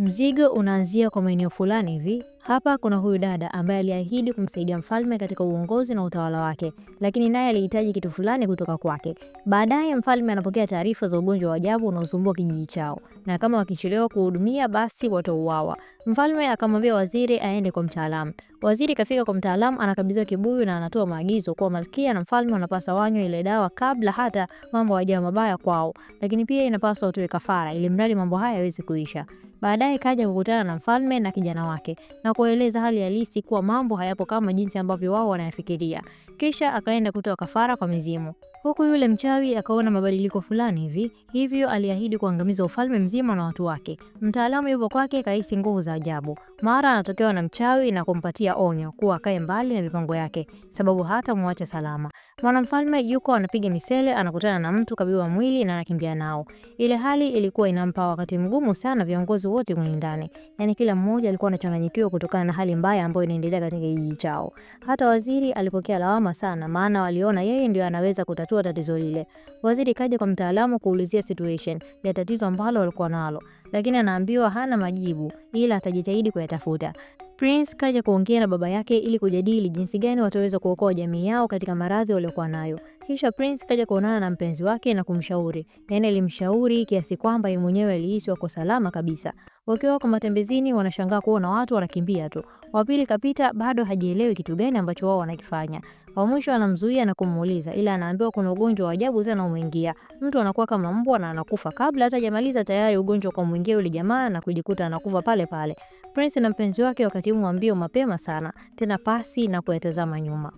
Mzigo unaanzia kwa maeneo fulani hivi. Hapa kuna huyu dada ambaye aliahidi kumsaidia mfalme katika uongozi na utawala wake, lakini naye alihitaji kitu fulani kutoka kwake. Baadaye mfalme anapokea taarifa za ugonjwa wa ajabu unaosumbua kijiji chao, na kama wakichelewa kuhudumia basi watauawa. Mfalme akamwambia waziri aende kwa mtaalamu. Waziri kafika kwa mtaalamu, anakabidhiwa kibuyu na anatoa maagizo kuwa malkia na mfalme wanapasa wanywe ile dawa kabla hata mambo hayajawa mabaya kwao, lakini pia inapaswa watoe kafara ili mradi mambo haya yaweze kuisha. Baadaye kaja kukutana na mfalme na kijana wake na kueleza hali halisi kuwa mambo hayapo kama jinsi ambavyo wao wanayafikiria. Kisha akaenda kutoa kafara kwa mizimu huku yule mchawi akaona mabadiliko fulani hivi, hivyo aliahidi kuangamiza ufalme mzima na watu wake. Mtaalamu yupo kwake kahisi nguvu za ajabu, mara anatokewa na mchawi na kumpatia onyo kuwa akae mbali na mipango yake, sababu hata mwache salama. Mwanamfalme yuko anapiga misele, anakutana na mtu kabiwa mwili na anakimbia nao. Ile hali ilikuwa inampa wakati mgumu sana viongozi wote kwenye ndani, yani kila mmoja alikuwa anachanganyikiwa kutokana na hali mbaya ambayo inaendelea katika kijiji chao. Hata waziri alipokea lawama sana, maana waliona yeye ndio anaweza kutatua kutatua tatizo lile. Waziri kaja kwa mtaalamu kuulizia situation ya tatizo ambalo walikuwa nalo lakini anaambiwa hana majibu ila atajitahidi kuyatafuta. Prince kaja kuongea na baba yake ili kujadili jinsi gani wataweza kuokoa jamii yao katika maradhi waliokuwa nayo. Kisha Prince kaja kuonana na mpenzi wake na kumshauri, yaani alimshauri kiasi kwamba yeye mwenyewe alihisi wako salama kabisa. Wakiwa kwa matembezini, wanashangaa kuona watu wanakimbia tu. Wapili kapita, bado hajielewi kitu gani ambacho wao wanakifanya. Wa mwisho anamzuia na kumuuliza, ila anaambiwa kuna ugonjwa wa ajabu sana umeingia, mtu anakuwa kama mbwa na anakufa kabla hata hajamaliza tayari ugonjwa kwa kumwingia yule jamaa na kujikuta anakufa pale pale. Prince na mpenzi wake wakatimu wa mbio mapema sana, tena pasi na kuyatazama nyuma.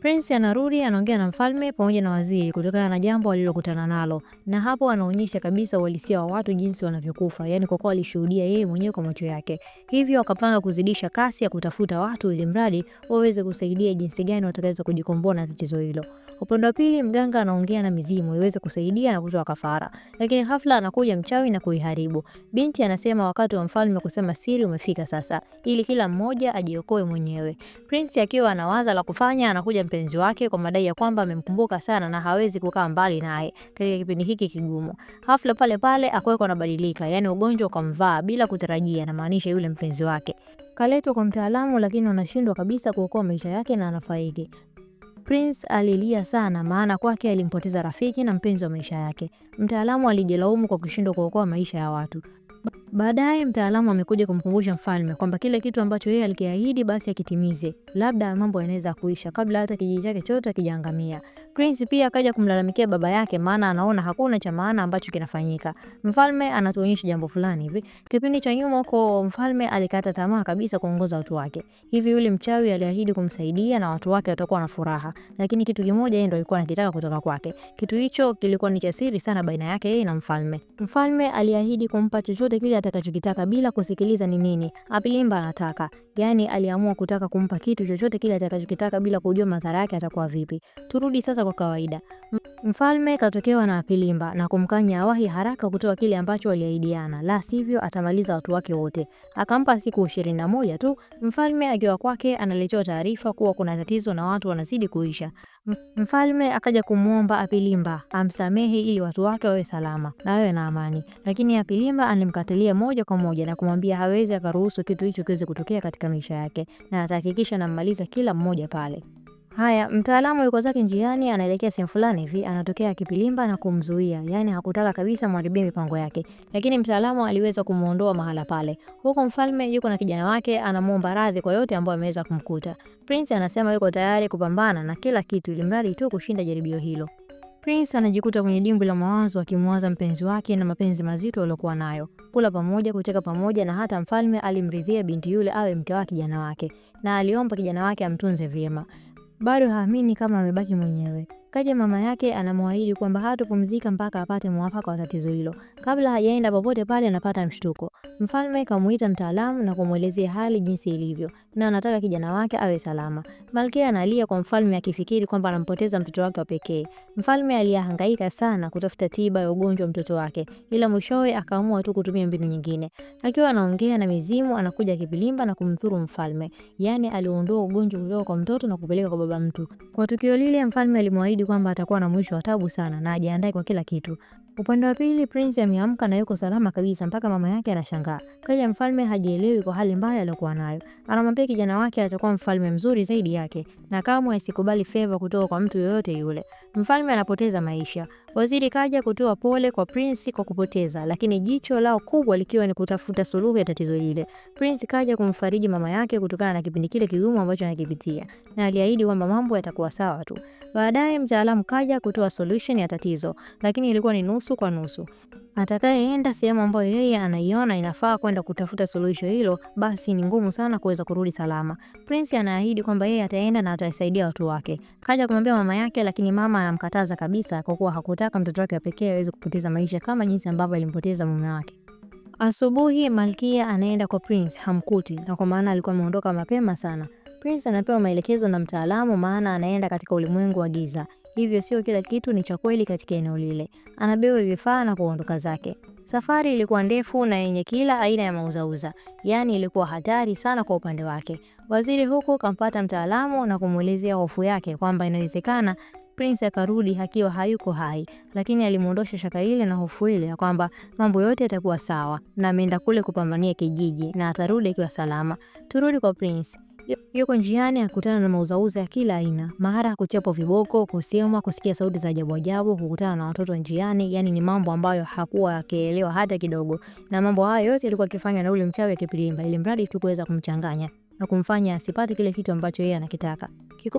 Prince anarudi anaongea na mfalme pamoja na waziri kutokana na jambo alilokutana nalo, na hapo anaonyesha kabisa uhalisia wa watu jinsi wanavyokufa, yani kwa kuwa alishuhudia yeye mwenyewe kwa macho yake. Hivyo akapanga kuzidisha kasi ya kutafuta watu ili mradi waweze kusaidia jinsi gani wataweza kujikomboa na tatizo hilo. Upande wa pili mganga anaongea na mizimu iweze kusaidia na kutoa kafara, lakini hafla anakuja mchawi na kuiharibu. Binti anasema wakati wa mfalme kusema siri umefika sasa, ili kila mmoja ajiokoe mwenyewe. Prince akiwa anawaza la kufanya, anakuja mpenzi wake kwa madai ya kwamba amemkumbuka sana na hawezi kukaa mbali naye katika kipindi hiki kigumu. Hafla pale pale akoweko anabadilika, yani ugonjwa ukamvaa bila kutarajia, na maanisha yule mpenzi wake kaletwa kwa mtaalamu lakini anashindwa kabisa kuokoa maisha yake na anafariki. Prince alilia sana maana kwake alimpoteza rafiki na mpenzi wa maisha yake. Mtaalamu alijilaumu kwa kushindwa kuokoa maisha ya watu. Baadaye mtaalamu amekuja kumkumbusha mfalme kwamba kile kitu ambacho yeye alikiahidi basi akitimize, labda mambo yanaweza kuisha kabla hata kijiji chake chote kijaangamia. Prince pia akaja kumlalamikia baba yake, maana anaona hakuna cha maana ambacho kinafanyika. Mfalme anatuonyesha jambo fulani hivi, kipindi cha nyuma huko mfalme alikata tamaa kabisa kuongoza watu wake, hivi yule mchawi aliahidi kumsaidia na watu wake watakuwa na furaha, lakini kitu kimoja yeye ndo alikuwa anakitaka kutoka kwake. Kitu hicho kilikuwa ni cha siri sana baina yake yeye na mfalme. Mfalme aliahidi kumpa chochote kile atakachokitaka bila kusikiliza ni nini Apilimba anataka. Yaani aliamua kutaka kumpa kitu chochote kile atakachokitaka bila kujua madhara yake atakuwa vipi. Turudi sasa kwa kawaida. Mfalme katokewa na Apilimba na kumkanya awahi haraka kutoa kile ambacho waliahidiana, la sivyo atamaliza watu wake wote. Akampa siku ishirini na moja tu. Mfalme akiwa kwake analetewa taarifa kuwa kuna tatizo na watu wanazidi kuisha. Mfalme akaja kumwomba Apilimba amsamehe ili watu wake wawe salama na wawe na amani, lakini Apilimba alimkatalia kumwambia moja kwa moja na kumwambia hawezi akaruhusu kitu hicho kiweze kutokea katika maisha yake, na atahakikisha anammaliza kila mmoja pale. Haya, mtaalamu yuko zake njiani, anaelekea sehemu fulani hivi, anatokea Kipilimba na kumzuia, yaani hakutaka kabisa mharibie mipango yake, lakini mtaalamu aliweza kumuondoa mahala pale. Huko mfalme yuko na kijana wake, anamwomba radhi kwa yote ambayo ameweza kumkuta. Prince anasema yuko tayari kupambana na kila kitu, ili mradi tu kushinda jaribio hilo. Prince anajikuta kwenye dimbwi la mawazo akimwaza mpenzi wake na mapenzi mazito aliyokuwa nayo, kula pamoja, kucheka pamoja, na hata mfalme alimridhia binti yule awe mke wa kijana wake, na aliomba kijana wake amtunze vyema. Bado haamini kama amebaki mwenyewe. Kaja mama yake anamwahidi kwamba hatopumzika mpaka apate mwafaka wa tatizo hilo. Kabla hajaenda popote pale, anapata mshtuko. Mfalme kamuita mtaalamu na kumwelezea hali jinsi ilivyo, na anataka kijana wake awe salama. Malkia analia kwa mfalme akifikiri kwamba anampoteza mtoto wake wa pekee. Mfalme alihangaika sana kutafuta tiba ya ugonjwa mtoto wake, ila mwishowe akaamua tu kutumia mbinu nyingine. Akiwa anaongea na mizimu, anakuja kipilimba na kumdhuru mfalme. Yani aliondoa ugonjwa kutoka kwa mtoto na kupeleka kwa baba mtu. Kwa tukio lile, mfalme alimwahidi anaahidi kwamba atakuwa na mwisho wa tabu sana na ajiandae kwa kila kitu. Upande wa pili, Prince ameamka na yuko salama kabisa mpaka mama yake anashangaa. Kaja mfalme hajielewi kwa hali mbaya aliyokuwa nayo. Anamwambia kijana wake atakuwa mfalme mzuri zaidi yake na kamwe asikubali favor kutoka kwa mtu yoyote yule. Mfalme anapoteza maisha. Waziri kaja kutoa pole kwa Prince kwa kupoteza, lakini jicho lao kubwa likiwa ni kutafuta suluhu ya tatizo lile. Prince kaja kumfariji mama yake kutokana na kipindi kile kigumu ambacho anakipitia na aliahidi kwamba mambo yatakuwa sawa tu. Baadaye mtaalamu kaja kutoa solution ya tatizo, lakini ilikuwa ni nusu kwa nusu. Atakayeenda sehemu ambayo yeye anaiona inafaa kwenda kutafuta suluhisho hilo, basi ni ngumu sana kuweza kurudi salama. Prince anaahidi kwamba yeye ataenda na atasaidia watu wake. Kaja kumwambia mama yake, lakini mama anamkataza kabisa, kwa kuwa hakutaka mtoto wake wa pekee aweze kupoteza maisha kama jinsi ambavyo alimpoteza mume wake. Asubuhi Malkia anaenda kwa Prince, hamkuti na kwa maana alikuwa ameondoka mapema sana. Prince anapewa maelekezo na mtaalamu, maana anaenda katika ulimwengu wa giza, hivyo sio kila kitu ni cha kweli katika eneo lile. Anabeba vifaa na kuondoka zake. Safari ilikuwa ndefu na yenye kila aina ya mauzauza, yaani ilikuwa hatari sana kwa upande wake. Waziri huko kampata mtaalamu na kumuelezea hofu yake kwamba inawezekana Prince akarudi akiwa hayuko hai, lakini alimwondosha shaka ile na hofu ile ya kwamba mambo yote yatakuwa sawa na ameenda kule kupambania kijiji na atarudi akiwa salama. Turudi kwa Prince. Yuko njiani akutana na mauzauza ya kila aina, mara kuchapwa viboko, kusemwa, kusikia sauti za ajabu ajabu, kukutana na watoto njiani. Yani ni mambo ambayo hakuwa akielewa hata kidogo, na mambo hayo yote yalikuwa akifanywa na ule mchawi Akipilimba, ili mradi tu kuweza kumchanganya na kumfanya asipate kile kitu ambacho yeye anakitaka.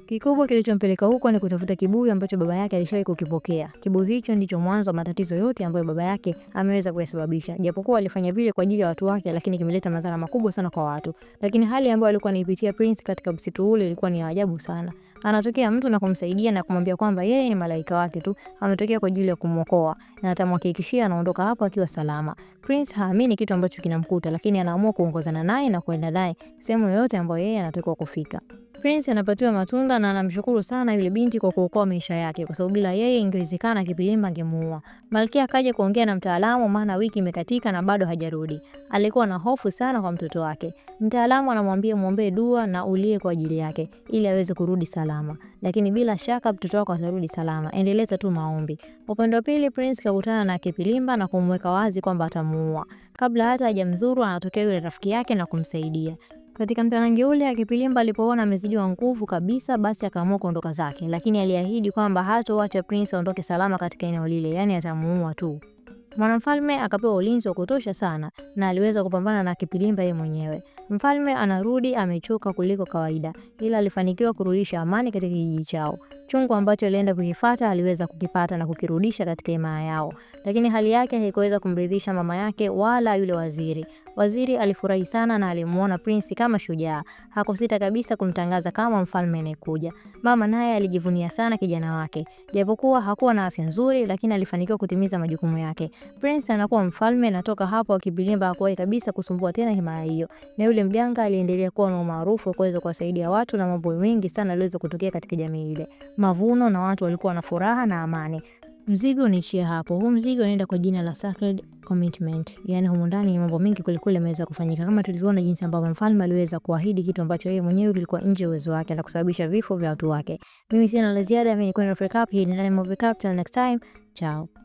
Kikubwa kilichompeleka huko ni kutafuta kibuyu ambacho baba yake alishawahi kukipokea. Kibuyu hicho ndicho mwanzo wa matatizo yote ambayo baba yake ameweza kuyasababisha. Japokuwa alifanya vile kwa ajili ya watu wake, lakini kimeleta madhara makubwa sana kwa watu. Lakini hali ambayo alikuwa anaipitia Prince katika msitu ule ilikuwa ni ajabu sana. Anatokea mtu na kumsaidia na kumwambia kwamba yeye ni malaika wake tu, ametokea kwa ajili ya kumwokoa na atamhakikishia anaondoka hapo akiwa salama. Prince haamini kitu ambacho kinamkuta, lakini anaamua kuongozana naye na kuenda naye sehemu yoyote ambayo yeye anatakiwa kufika. Prince anapatiwa matunda na anamshukuru sana yule binti kwa kuokoa maisha yake, kwa sababu bila yeye ingewezekana Kipilimba angemuua. Malkia akaja kuongea na mtaalamu, maana wiki imekatika na bado hajarudi. Alikuwa na hofu sana kwa mtoto wake. Mtaalamu anamwambia muombe dua na ulie kwa ajili yake ili aweze kurudi salama, lakini bila shaka mtoto wako atarudi salama, endeleza tu maombi. Upande wa pili, Prince kakutana na Kipilimba na kumweka wazi kwamba atamuua. Kabla hata hajamdhuru, anatokea yule rafiki yake na kumsaidia. Katika mtanange ule Akipilimba alipoona amezidiwa nguvu kabisa, basi akaamua kuondoka zake, lakini aliahidi kwamba hatowacha Prince aondoke salama katika eneo lile, yani atamuua tu. Mwanamfalme akapewa ulinzi wa kutosha sana na aliweza kupambana na Kipilimba yeye mwenyewe. Mfalme anarudi amechoka kuliko kawaida, ila alifanikiwa kurudisha amani katika kijiji chao. Chungu ambacho alienda kukifata aliweza kukipata na kukirudisha katika himaya yao, lakini hali yake haikuweza kumridhisha mama yake wala yule waziri. Waziri alifurahi sana na alimuona Prince kama shujaa. Hakusita kabisa kumtangaza kama mfalme anayekuja. Mama naye alijivunia sana kijana wake. Japokuwa hakuwa na afya nzuri, lakini alifanikiwa kutimiza majukumu yake. Prince anakuwa mfalme na toka hapo akibilimba hakuwahi kabisa kusumbua tena himaya hiyo. Na yule mjanga aliendelea kuwa na umaarufu wa kuweza kuwasaidia watu na mambo mengi sana yaliweza kutokea katika jamii ile. Mavuno na watu walikuwa na furaha na amani. Mzigo unaishia hapo. Huu mzigo unaenda kwa jina la sacred commitment. Yaani humu ndani mambo mengi kulikuwa yameweza kufanyika. Kama tulivyoona jinsi ambavyo mfalme aliweza kuahidi kitu ambacho yeye mwenyewe kilikuwa nje ya uwezo wake na kusababisha vifo vya watu wake. Mimi sina la ziada, mimi ni Queen of Recap. Hii ni Nine Recap. Till next time. Ciao.